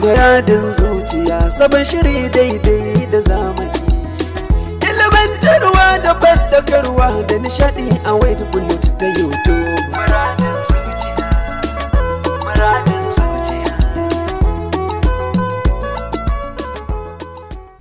Muradin zuciya sabon shiri daidai da zamani Ilimantarwa da bandagarwa da nishadi a wade bullet ta YouTube Muradin zuciya Muradin zuciya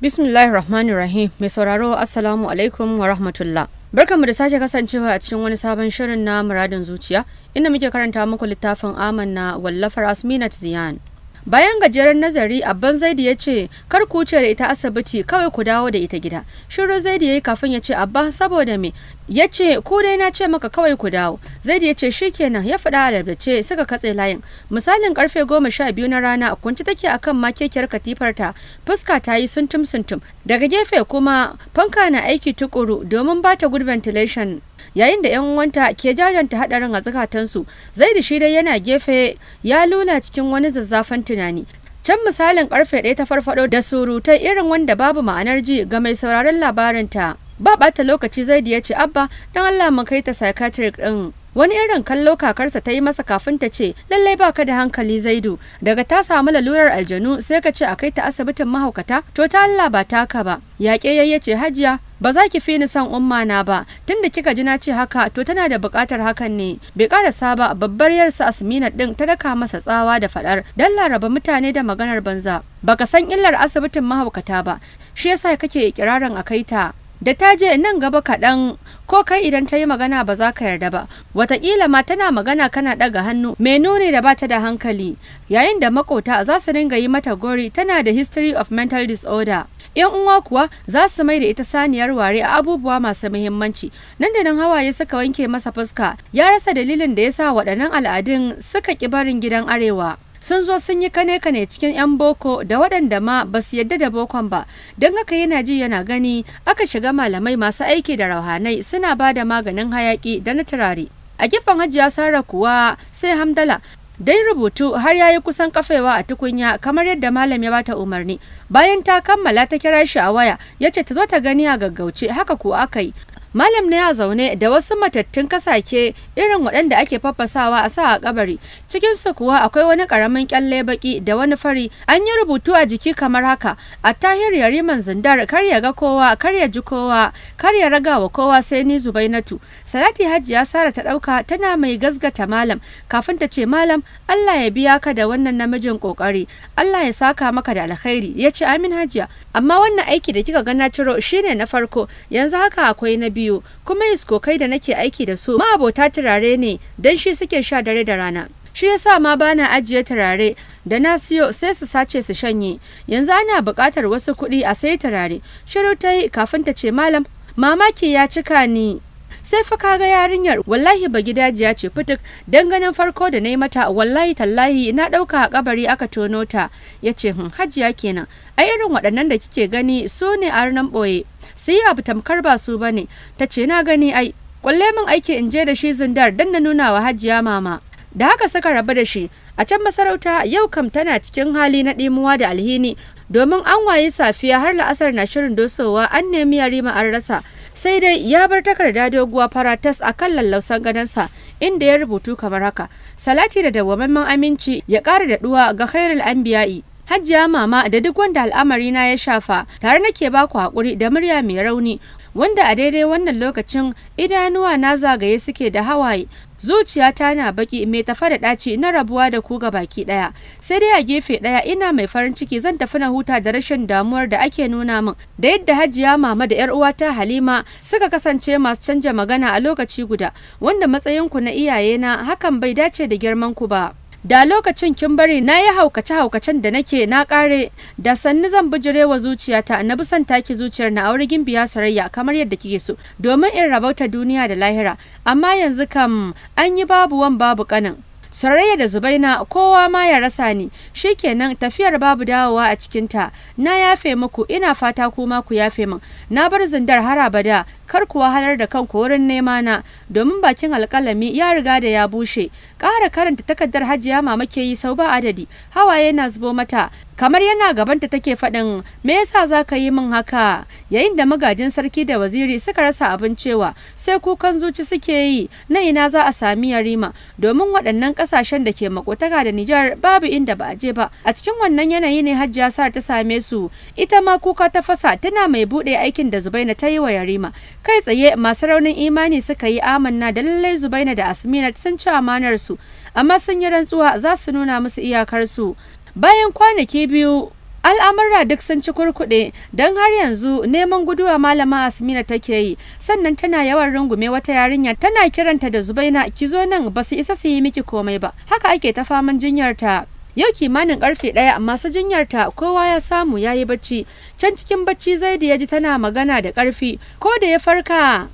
Bismillahir Rahmanir Rahim mai sauraro Assalamu alaikum wa rahmatullah Barkanmu da sake kasancewa a cikin wani sabon shirin na muradin zuciya inda muke karanta muku littafin amanna wallafar Asminat Ziyan bayan gajeren nazari abban zaidi ya ce kar ku wuce da ita asibiti kawai ku dawo da ita gida shirin zaidi ya yi kafin ya ce abba saboda me ya ce ko dai na ce maka kawai ku dawo zaidi ya ce kenan ya faɗa ce suka katse layin misalin karfe goma sha biyu na rana kunci take akan makekiyar katifarta fuska ta yi suntum suntum daga gefe kuma fanka na aiki tukuru domin ba ta good ventilation yayin da 'yan uwanta ke jajanta hadarin a zukatansu zaidi shi dai yana gefe ya lula cikin wani zazzafan tunani can misalin karfe ɗaya ta farfado da surutai irin wanda babu ma'anar ji ga mai sauraron labarinta ba bata lokaci zaidi ya ce abba don allah mun kai ta psychiatric ɗin. wani irin kallo kakarsa ta yi masa kafin ta ce lallai ba ka da hankali zaidu daga ta samu lalurar aljanu sai ka ce a kai ta asibitin mahaukata to ta allah ba taka ba yaƙe yayye ce hajiya ba za ki fi ni son umma na ba tunda kika ji na ce haka to tana da buƙatar hakan ne bai karasa ba babbar yarsa asmina ɗin ta daka masa tsawa da faɗar, dan laraba mutane da maganar banza baka san illar asibitin mahaukata ba shi yasa kake ikirarin a kai ta da ta je nan gaba kaɗan ko kai idan ta yi magana ba za ka yarda ba watakila ma tana magana kana ɗaga hannu mai nuni da ba ta da hankali yayin da makota za su ringa yi mata gori tana da history of mental disorder yan uwa kuwa za su mai da ita saniyar ware a abubuwa masu muhimmanci nan da nan hawaye suka wanke masa fuska ya rasa dalilin da ya sa waɗannan al'adun suka ƙi barin gidan arewa sun zo sun yi kane kane cikin 'yan boko da waɗanda ma ba su yadda da bokon ba don haka yana ji yana gani aka shiga malamai masu aiki da rauhanai suna ba da maganin hayaƙi da na turare a gefen hajiya sara kuwa sai hamdala dai rubutu har ya yi kusan kafewa a tukunya kamar yadda malam ya bata umarni bayan ta kammala ta kira shi a waya yace ta zo ta gani a gaggauce haka ko aka yi malam na ya zaune da wasu matattun kasake irin waɗanda ake faffasawa a sa a kabari cikin su kuwa akwai wani karamin kyalle baki da wani fari an yi rubutu a jiki kamar haka a tahir yariman zindar kar ya ga kowa kar ya ji kowa kar ya raga wa kowa sai ni zubainatu salati hajji ya sara ta ɗauka tana mai gazgata malam kafin ta ce malam allah ya biya ka da wannan namijin kokari allah ya saka maka da alkhairi ya ce amin hajiya amma wannan aiki da kika ga na ciro shine na farko yanzu haka akwai na biyu biyu kuma iskokai da nake aiki da su ma'abota turare ne don shi suke sha dare da rana shi yasa ma bana ajiye turare da na siyo sai su sace su shanye yanzu ana buƙatar wasu kuɗi a sai turare shiru ta yi kafin ta ce malam mamaki ya cika ni sai fa ka ga yarinyar wallahi ba gidajiya ce fituk dan ganin farko da nayi mata wallahi tallahi na ɗauka a kabari aka tono ta yace hun hmm, hajiya kenan ai irin waɗannan da kike gani su ne a boye ɓoye sai abu tamkar ba su bane ta ce na gani ai kulle min aiki in je da shi zindar dan na nuna wa hajiya mama da haka saka rabu da shi a can masarauta yau kam tana cikin hali na ɗimuwa da alhini domin an wayi safiya har la'asar na shirin dosowa an nemi yarima an rasa sai dai ya bar takarda doguwa faratas tas a kan lallausan gadonsa inda ya rubutu kamar haka salati da dawwamammen aminci ya ƙara daɗuwa ga khairul anbiya'i hajjiya mama da duk wanda al'amari na ya shafa tare nake baku haƙuri da murya mai rauni wanda a daidai wannan lokacin idanuwa na zagaye suke da hawaye zuciyata na baki mai tafa da ɗaci na rabuwa da ku ga baki ɗaya sai dai a gefe ɗaya ina mai farin ciki zan tafi na huta da rashin damuwar da ake nuna min da yadda hajiya mama da yar uwata halima suka kasance masu canja magana a lokaci guda wanda matsayinku na iyayena hakan bai dace da girman ku ba da lokacin kin bari na yi haukace haukacen da nake na kare da sanni zan bijire wa zuciyata na bi son taki zuciyar na aure gimbiya sarayya kamar yadda kike so domin in rabauta duniya da lahira amma yanzu kam an yi babu wan babu kanin sarayya da zubaina kowa ma ya rasa ni shi shikenan tafiyar babu dawowa a cikin ta na yafe muku ina fata kuma ku yafe min na bar zindar har abada kar ku wahalar da kanku wurin nema na domin bakin alƙalami ya riga da ya bushe ƙara karanta takardar hajiya mama ke yi sau ba adadi hawaye na zubo mata kamar yana gabanta take faɗin me yasa za ka yi min haka yayin da magajin sarki da waziri suka rasa abin cewa sai kukan zuci suke yi na ina za a sami yarima domin waɗannan ƙasashen da ke makotaka da Nijar babu inda ba a je ba a cikin wannan yanayi ne Hajjiya Sar ta same su ita ma kuka ta fasa tana mai buɗe aikin da Zubaina ta yi wa yarima kai tsaye masu raunin imani suka yi amanna da lallai Zubaina da asmina sun ci amanar su amma sun yi rantsuwa za su nuna musu iyakar su. bayan kwanaki biyu al'amurra duk sun ci kurkuɗe don har yanzu neman guduwa malama asmina take yi sannan tana yawan rungume wata yarinya tana kiranta da zubaina ki zo nan ba su isa su yi miki komai ba haka ake ta faman jinyarta yau kimanin karfe ɗaya masu jinyarta kowa ya samu ya yi bacci can cikin bacci zaidi ya ji tana magana da ƙarfi ko da ya farka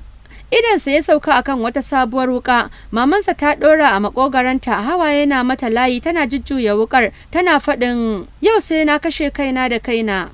idansa ya sauka akan wata sabuwar wuka mamansa ta ɗora a makogaranta hawaye na mata layi tana jujjuya wukar tana faɗin yau sai na kashe kaina da kaina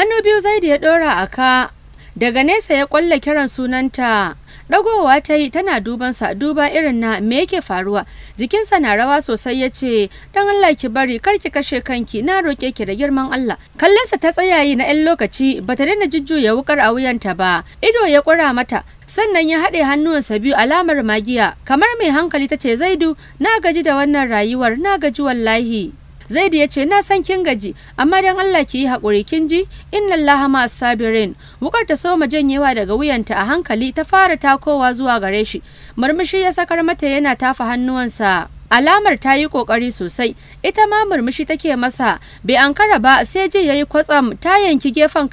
hannu biyu zaidi ya ɗora aka. daga nesa ya kwalla kiran sunanta dagowa ta yi tana duban sa duba irin na me yake faruwa jikinsa na rawa sosai ya ce don Allah ki bari kar ki kashe kanki na roke ki da girman Allah kallonsa ta tsaya yi na 'yan lokaci bata daina jujjuya wukar a wuyanta ba ido ya kura mata sannan ya haɗe hannuwansa biyu alamar magiya kamar mai hankali ta ce zaidu na gaji da wannan rayuwar na gaji wallahi Zaidu ya ce na san kin gaji amma dan Allah ki yi haƙuri kin ji inna Allah ma sabirin wukar ta soma janyewa daga wuyanta a hankali ta fara takowa zuwa gare shi murmushi ya sakar mata yana tafa hannuwansa alamar ta yi kokari sosai ita ma murmushi take masa bai ankara ba sai ji yayi kwatsam ta yanki gefen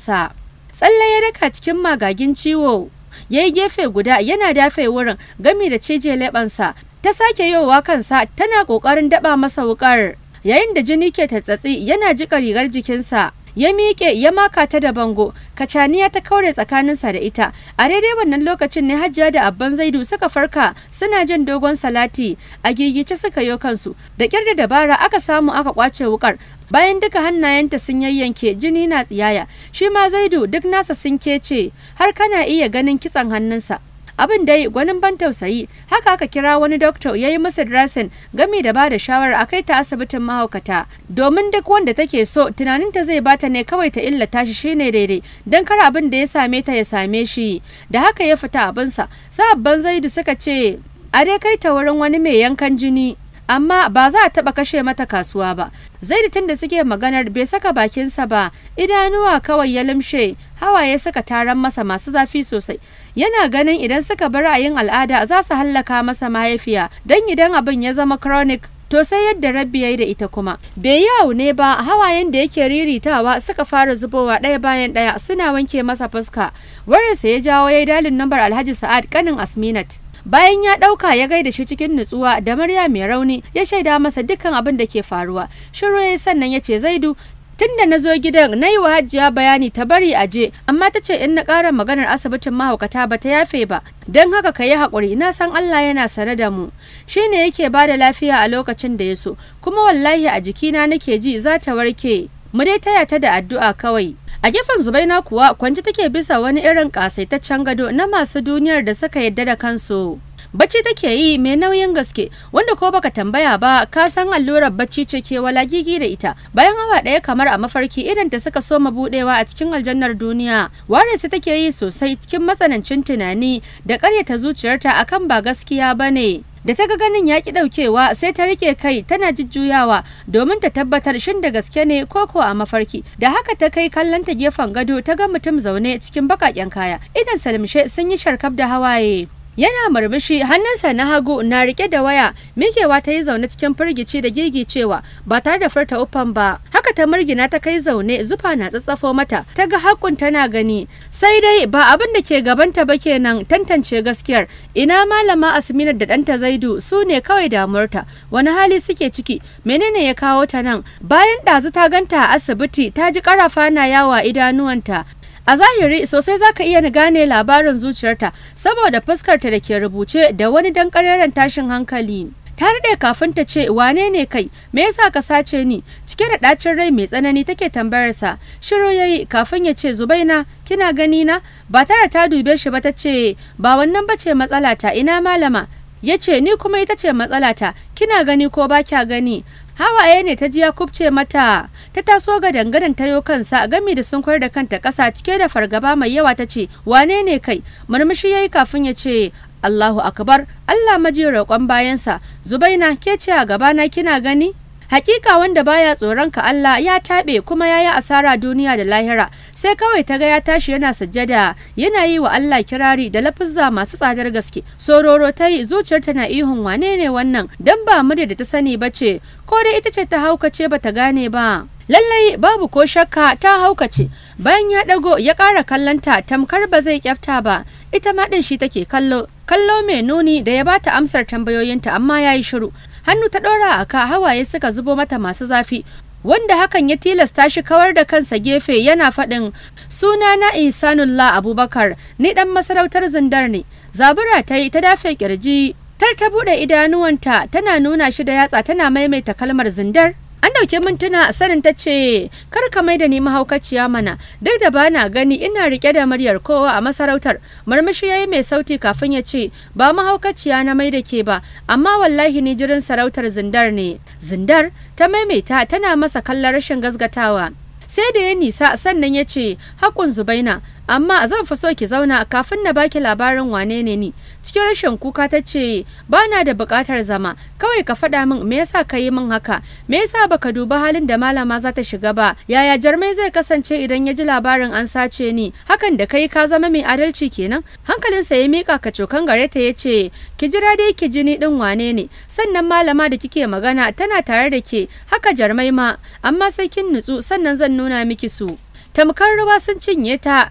sa tsalle ya daka cikin magagin ciwo ya yi gefe guda yana dafe wurin gami da cije leɓensa ta sake yowa kansa tana ƙoƙarin daɓa masa wuƙar yayin da jini ke tatsatsi yana jiƙa rigar jikinsa ya miƙe ya maka ta da bango kacaniya ta kaure tsakaninsa da ita a daidai wannan lokacin ne hajiya da abban zaidu suka farka suna jin dogon salati a gigice suka yo kansu da kyar da dabara aka samu aka kwace wukar bayan duka hannayenta sun yayyanke jini na tsiyaya shi ma zaidu duk nasa sun kece har kana iya ganin kitsan hannunsa abin dai gwanin ban tausayi haka aka kira wani doctor ya yi musu dressin game da ba da shawara a kai ta asibitin mahaukata domin duk wanda take so tunaninta zai bata ne kawai ta illata shi shine daidai don kar abin da ya same ta ya same shi da haka ya fita abinsa sabbin zaidu suka ce a dai kai ta wurin wani mai yankan jini amma ba za a taɓa kashe mata kasuwa ba Zai da da suke maganar bai saka bakinsa ba, idanuwa kawai ya limshe, hawaye suka taron masa masu zafi sosai. Yana ganin idan suka bar a yin al'ada za su hallaka masa mahaifiya, don idan abin ya zama chronic To sai yadda Rabbi ya yi da ita kuma. Bai yi ne ba hawayen da yake riritawa suka fara zubowa ɗaya bayan ɗaya suna wanke masa fuska. Warinsa ya jawo ya yi dalin lambar Alhaji Sa'ad kanin Asminat. bayan ya ɗauka ya gaida shi cikin nutsuwa da Maryam mai rauni ya shaida masa dukkan abin da ke faruwa shiru ya sannan ya ce zaidu tun da na zo gidan na yi wa hajjiya bayani ta bari a je amma ta ce in na ƙara maganar asibitin mahaukata ba ta yafe ba don haka ka yi haƙuri na san Allah yana sane da mu shi ne yake ba da lafiya a lokacin da ya so kuma wallahi a jikina nake ji za ta warke mu dai taya ta da addu'a kawai A gefen Zubaina kuwa kwanci take bisa wani irin kasaitaccen gado na masu duniyar da suka yadda da kansu. Bacci take yi mai nauyin gaske wanda ko baka tambaya ba ka san allurar bacci ce ke gigi da ita bayan awa ɗaya kamar a mafarki idan ta suka soma budewa a cikin aljannar duniya ware su take yi sosai cikin matsanancin tunani da ƙaryata zuciyarta akan ba gaskiya bane. da ta ga ganin ya ki daukewa sai ta rike kai tana jujjuyawa domin ta tabbatar shin da gaske ne ko ko a mafarki da haka ta kai kallon ta gefen gado ta ga mutum zaune cikin bakaken kaya idan salmishe sun yi sharkab da hawaye yana murmushi hannunsa na hagu na rike da waya mikewa ta yi zaune cikin firgici da girgicewa. ba tare da furta uffan ba haka ta murgina ta kai zaune zufa na tsatsafo mata ta ga hakun tana gani sai dai ba abin da ke gabanta ba kenan tantance gaskiyar ina malama asminar da ɗanta zaidu su ne kawai damuwarta wani hali suke ciki menene ya kawo ta nan bayan ɗazu ta ganta a asibiti ta ji ƙarafa na yawa idanuwanta a zahiri sosai za ka iya gane labarin zuciyarta saboda fuskarta da ke rubuce da wani dan tashin hankali ta daɗe kafin ta ce wane ne kai me yasa ka sace ni cike da ɗacin rai mai tsanani take tambayarsa, sa shiru yayi kafin ya ce zubaina kina gani na ba tare ta dube shi ba ta ce ba wannan ba ce matsala ta ina malama ya ce ni kuma ita ce matsala ta, kina gani ko ba kya gani hawaye ne ta ji ya kubce mata ta taso ga dangaren tayo kansa gami da sun da kanta ƙasa cike da fargaba mai yawa ta ce wane ne kai murmushi ya yi kafin ya ce Allahu akbar Allah majiyar roƙon bayansa Zubaina ke ce a gabana kina gani hakika wanda baya tsoron ka Allah ya taɓe kuma ya yi asara duniya da lahira sai kawai ta ga ya tashi yana sajjada yana yi wa Allah kirari da lafuzza masu tsadar gaske sororo ta yi zuciyar na ihun wane ne wannan dan ba murya da ta sani ba ce ko dai ita ce ta haukace ba ta gane ba lallai babu ko shakka ta haukace bayan ya dago ya ƙara kallonta tamkar ba zai kyafta ba ita ma ɗin shi take kallo kallo mai nuni da ya bata amsar tambayoyinta amma yayi shiru hannu ta ɗora a ka hawaye suka zubo mata masu zafi wanda hakan ya tilasta shi kawar da kansa gefe yana faɗin suna na insanullah abubakar ni ɗan masarautar zindar ne zabura ta yi ta dafe kirji tar ta buɗe idanuwanta tana nuna shi da yatsa tana maimaita kalmar zindar an dauke mintuna sanin ta ce kar ka mai da ni mahaukaciya mana duk da ba na gani ina rike da muryar kowa a masarautar murmushi yayi mai sauti kafin ya ce ba mahaukaciya na mai da ke ba amma wallahi ni jirin sarautar zindar ne zindar ta maimaita tana masa kallon rashin gazgatawa sai da ya nisa sannan ya ce hakun zubaina amma zan fi so ki zauna kafin na baki labarin wane ne ni cikin rashin kuka ta ce ba na da bukatar zama kawai ka faɗa min me yasa ka yi min haka me yasa baka duba halin da malama za ta shiga ba yaya jarmai zai kasance idan ya ji labarin an sace ni hakan da kai ka zama mai adalci kenan hankalinsa ya mika ka cokan gare ta ya ce ki jira dai ki ji ni ɗin wane ne sannan malama da kike magana tana tare da ke haka jarmai ma amma sai kin nutsu sannan zan nuna miki su tamkar ruwa sun cinye ta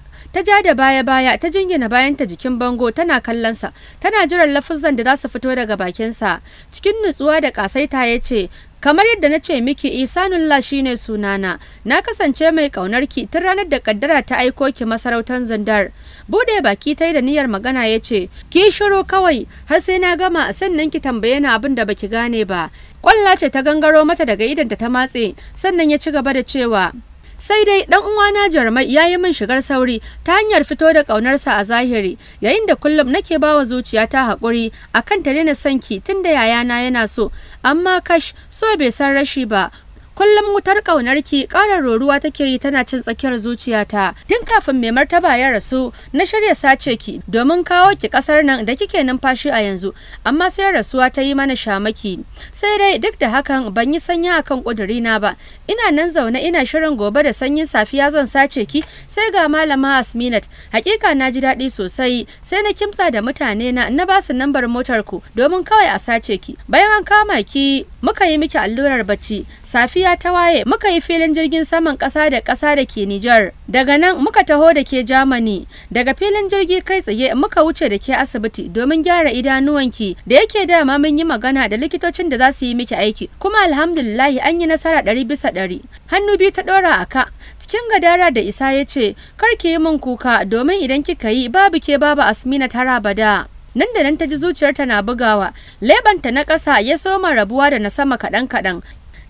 ta ja da baya-baya ta jingina ta jikin bango tana kallonsa tana jiran lafuzan da za su fito daga bakinsa cikin nutsuwa da kasaita ya ce kamar yadda na ce miki isanullah shine sunana na kasance mai kaunar ki tun ranar da kaddara ta aiko ki masarautar zandar bude baki ta yi da niyyar magana ya ce ki shiro kawai har sai na gama sannan ki tambaye ni abin da baki gane ba kwalla ta gangaro mata daga idanta ta matse sannan ya ci gaba da cewa sai dai dan uwana jarumai ya yi min shigar sauri ta hanyar fito da ƙaunarsa a zahiri yayin da kullum nake bawa ta haƙuri akan ta daina sanki tun da yayana yana so amma kash so bai san rashi ba kullum wutar ƙaunar ki karar roruwa take yi tana cin tsakiyar zuciyata tun kafin mai martaba ya rasu na shirya sace ki domin kawo ki kasar nan da kike numfashi a yanzu amma sai rasuwa ta yi mana shamaki sai dai duk da hakan ban yi sanya akan na ba ina nan zaune ina shirin gobe da sanyin safiya zan sace ki sai ga malama Asminat hakika na ji daɗi sosai sai na kimsa da mutane na na ba su nambar motar ku domin kawai a sace ki bayan an kama ki muka yi miki allurar bacci safiya ya ta waye muka yi filin jirgin saman ƙasa da ƙasa da ke Nijar. Daga nan muka taho da ke Germany. Daga filin jirgi kai tsaye muka wuce da ke asibiti domin gyara idanuwanki da yake dama mun yi magana da likitocin da za su yi miki aiki. Kuma alhamdulillahi an yi nasara ɗari bisa ɗari. Hannu biyu ta ɗora a ka. Cikin gadara da isa ya ce, kar ki yi min kuka domin idan kika yi babu ke babu Asmina tara bada. nan da nan ta ji zuciyarta na bugawa lebanta na ƙasa ya soma rabuwa da na sama kaɗan kaɗan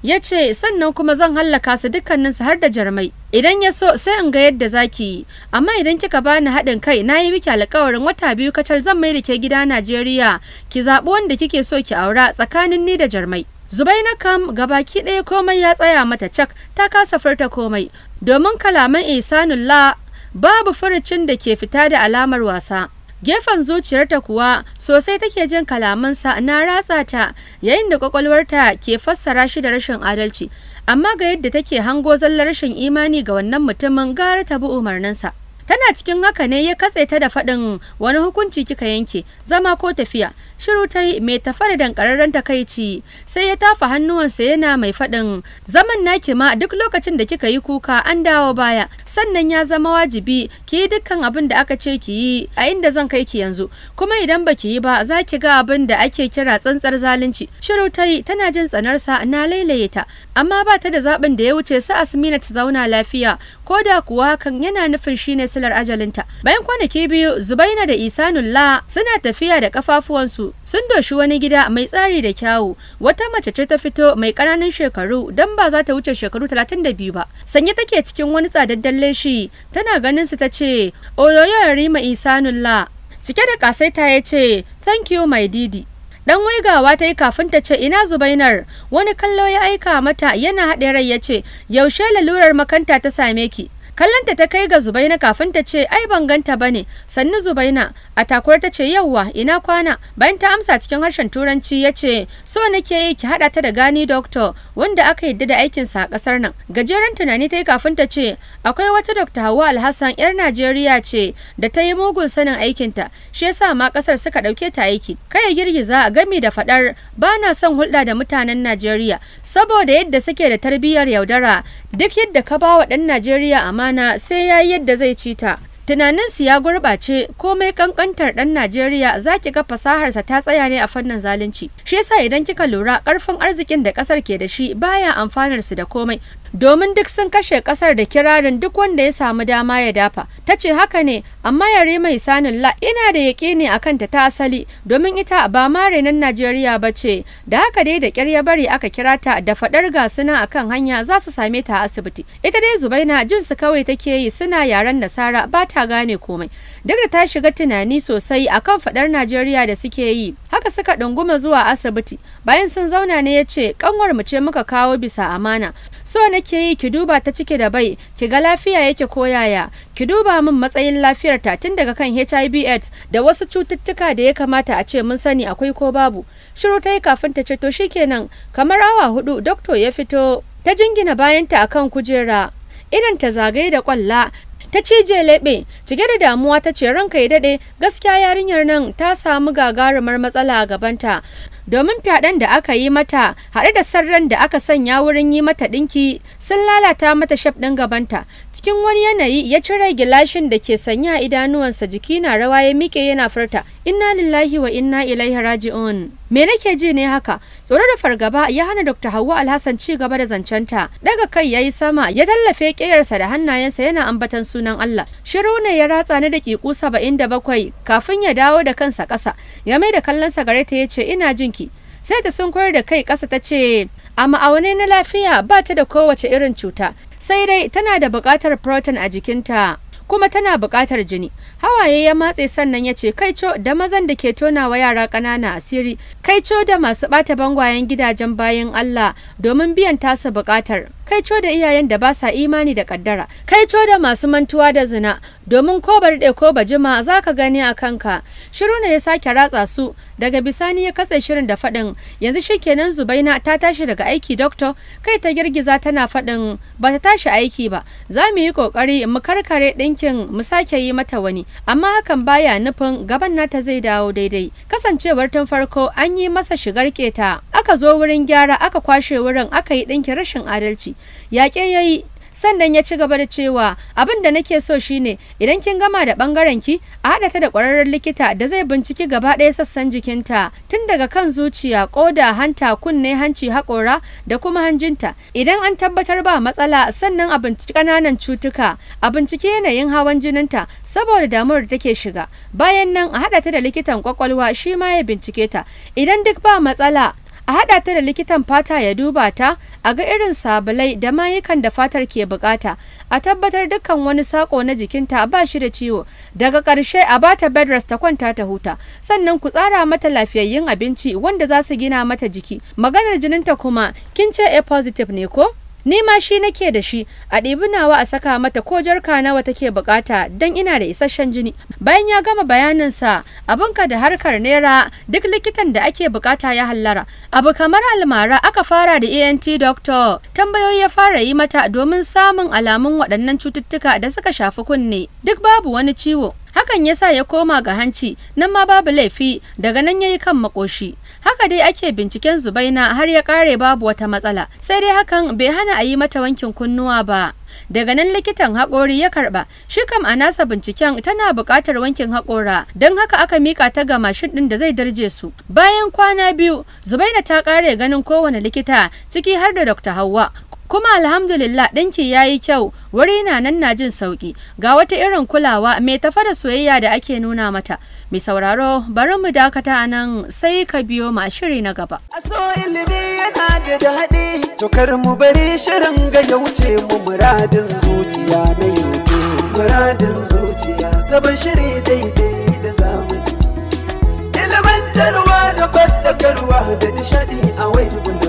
ya ce sannan kuma zan hallaka su su har da jarmai idan ya so sai in ga yadda zaki yi amma idan kika bani haɗin kai na yi miki alkawarin wata biyu kacal zan mai da ke gida najeriya ki zaɓi wanda kike so ki aura tsakanin ni da jarmai Zubaina kam gabaki ɗaya komai ya tsaya mata cak ta kasa furta komai domin kalaman isanullah babu furucin da ke fita da alamar wasa. gefen zuciyarta kuwa sosai take jin kalamansa na ratsa ta yayin da kwakwalwarta ke fassara shi da rashin adalci amma ga yadda take hango zallar rashin imani ga wannan mutumin gara ta bi umarninsa. tana cikin haka ne ya katse ta da faɗin wani hukunci kika yanke zama ko tafiya shiru ta yi mai tafa da dankararren takaici sai ya tafa hannuwansa yana mai faɗin zaman naki ma duk lokacin da kika yi kuka an dawo baya sannan ya zama wajibi kiyi yi dukkan abin da aka ce ki yi a inda zan kai ki yanzu kuma idan ba ki yi ba za ki ga abin da ake kira tsantsar zalunci shiru ta yi tana jin tsanarsa na lailaye ta amma ba ta da zaɓin da ya wuce su asmina ta zauna lafiya ko da kuwa hakan yana nufin shine silar ajalinta bayan kwanaki biyu zubaina da isanulla suna tafiya da kafafuwansu sun doshi wani gida mai tsari da kyawu wata mace ce ta fito mai ƙananan shekaru don ba za ta wuce shekaru 32 ba sanye take cikin wani tsadaddan leshi tana ganin su ta ce oyoyo rima isanulla cike da kasaita ya ce thank you my didi dan waigawa ta yi kafin ta ce ina zubainar wani kallo ya aika mata yana haɗe rai ya ce yaushe lalurar makanta ta same ki kallanta ta kai ga zubaina kafin ta ce ai ban ganta ba ne sannu zubaina a takwar ta ce yauwa ina kwana bayan ta amsa cikin harshen turanci ya ce so nake yi ki haɗa ta da gani doctor wanda aka yadda da aikinsa a ƙasar nan gajeren tunani ta yi kafin ta ce akwai wata doctor hawa alhassan yar najeriya ce da ta yi mugun sanin aikinta shi yasa ma ƙasar suka ɗauke ta aiki kai girgiza a gami da faɗar ba na son hulɗa da mutanen najeriya saboda yadda suke da tarbiyyar yaudara duk yadda ka ba wa ɗan najeriya amma amana sai ya yi yadda zai ci ta tunaninsu ya gurɓace komai kankantar ɗan najeriya za ki ga fasaharsa ta tsaya ne a fannin zalunci shi yasa idan kika lura ƙarfin arzikin da ƙasar ke da shi baya amfanarsu da komai domin duk sun kashe kasar da kirarin duk wanda ya samu dama ya dafa ta ce haka ne amma yare mai sanin la ina da ne a kanta ta asali domin ita ba ma renon najeriya ba ce da haka dai da ƙyar ya bari aka kira ta da faɗar gasuna a kan hanya za su same ta asibiti ita dai zubaina jin su kawai take yi suna yaren nasara ba ta gane komai duk da ta shiga tunani sosai akan faɗar najeriya da suke yi haka suka ɗunguma zuwa asibiti bayan sun zauna ne ya ce kanwar mu ce muka kawo bisa amana so nake yi ki duba ta cike da bai ki ga lafiya yake ko yaya ki duba min matsayin lafiyar ta tun daga kan HIV AIDS da wasu cututtuka da ya kamata a ce mun sani akwai ko babu shiru ta yi kafin ta ce to shikenan kamar awa hudu doctor ya fito ta jingina bayanta akan kujera idan ta zagaye da kwalla ta cije leɓe cike da damuwa ta ce ranka ya daɗe gaskiya yarinyar nan ta samu gagarumar matsala a gabanta domin fyaɗen da aka yi mata haɗe da sarran da aka sanya wurin yi mata ɗinki sun lalata mata shaf ɗin gabanta cikin wani yanayi ya cire gilashin da ke sanya idanuwansa jiki na rawa ya miƙe yana furta inna lillahi wa inna ilaihi raji'un me nake ji ne haka tsoro da fargaba ya hana dr Hauwa alhassan ci gaba da zancenta daga kai yayi sama ya tallafe ƙeyarsa da hannayensa yana ambatan sunan allah shiru ne ya ratsa ni da kiku saba'in da bakwai kafin ya dawo da kansa kasa ya mai da kallonsa gare ta ya ce ina jinki sai ta sun koyar da kai kasa ta ce a ma'aunai na lafiya ba ta da kowace irin cuta sai dai tana da buƙatar protein a jikinta kuma tana buƙatar jini hawaye ya matse sannan ya ce kaico da mazan da ke tonawa yara ƙanana asiri kaico da masu ɓata bangwayen gidajen bayan Allah domin biyan tasa buƙatar kai co da iyayen da ba sa imani da kaddara kai co da masu mantuwa da zina domin ko bari ko bajima za ka gani a kanka shiru ne ya sake ratsa su daga bisani ya katse shirin da faɗin yanzu shikenan zubaina ta tashi daga aiki doctor kai ta girgiza tana faɗin ba ta tashi aiki ba za mu yi kokari mu karkare ɗinkin mu sake yi mata wani amma hakan baya nufin gaban nata zai dawo daidai kasancewar tun farko an yi masa shigar keta aka zo wurin gyara aka kwashe wurin aka yi ɗinkin rashin adalci yaƙe ya yi sannan ya ci gaba da cewa abin da nake so shine idan kin gama da bangaren ki a haɗa ta da ƙwararren likita da zai binciki gaba ɗaya sassan jikinta tun daga kan zuciya ƙoda hanta kunne hanci haƙora da kuma hanjinta idan an tabbatar ba matsala sannan a binciki ƙananan cutuka a binciki yanayin hawan jininta saboda damuwar da take shiga bayan nan a haɗa ta da likitan ƙwaƙwalwa shi ma ya bincike ta idan duk ba matsala a haɗa ta da likitan fata ya duba ta a ga irin sabulai da mayukan da fatar ke bukata a tabbatar dukkan wani sako na jikinta ba shi da ciwo daga ƙarshe a bata ta bed rest ta kwanta ta huta sannan ku tsara mata lafiyayyun abinci wanda za su gina mata jiki maganar jininta kuma kin ce a positive ne ko ni ma shi nake da shi a ɗibi nawa a saka mata ko jarka nawa take bukata don ina da isasshen jini bayan ya gama bayaninsa abinka da harkar naira duk likitan da ake bukata ya hallara abu kamar almara aka fara da ent doctor tambayoyi ya fara yi mata domin samun alamun waɗannan cututtuka da suka shafi kunne duk babu wani ciwo hakan ya sa ya koma ga hanci nan ma babu laifi daga nan ya yi kan makoshi haka dai ake binciken zubaina har ya kare babu wata matsala sai dai hakan bai hana a yi mata wankin kunnuwa ba daga nan likitan hakori ya karba shi kam a nasa binciken tana buƙatar wankin hakora don haka aka mika ta ga mashin ɗin da zai darje su bayan kwana biyu zubaina ta ƙare ganin kowane likita ciki har da dr hauwa kuma alhamdulillah ɗinki ya yi kyau wuri na nan na jin sauƙi ga wata irin kulawa mai tafa da soyayya da ake nuna mata Mai sauraro bari mu dakata a nan sai ka biyo ma shiri na gaba. Aso ilimi yana da daɗi, to kar mu bari shirin ga ya wuce mu muradin zuciya na yau. Muradin zuciya sabon shiri daidai da zamani. Ilimantarwa da fadakarwa da nishaɗi a wai